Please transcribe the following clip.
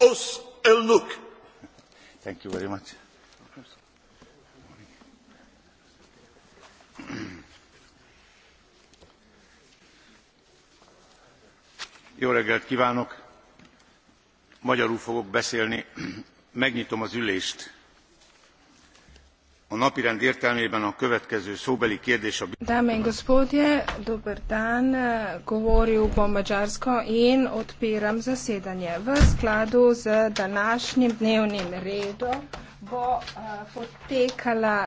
us a look. Thank you very much. Jó reggelt kívánok! Magyarul fogok beszélni. Megnyitom az ülést dame in gospodje dober dan govoril bom madžarsko in odpiram zasedanje v skladu z današnjim dnevnim redom bo eh, potekala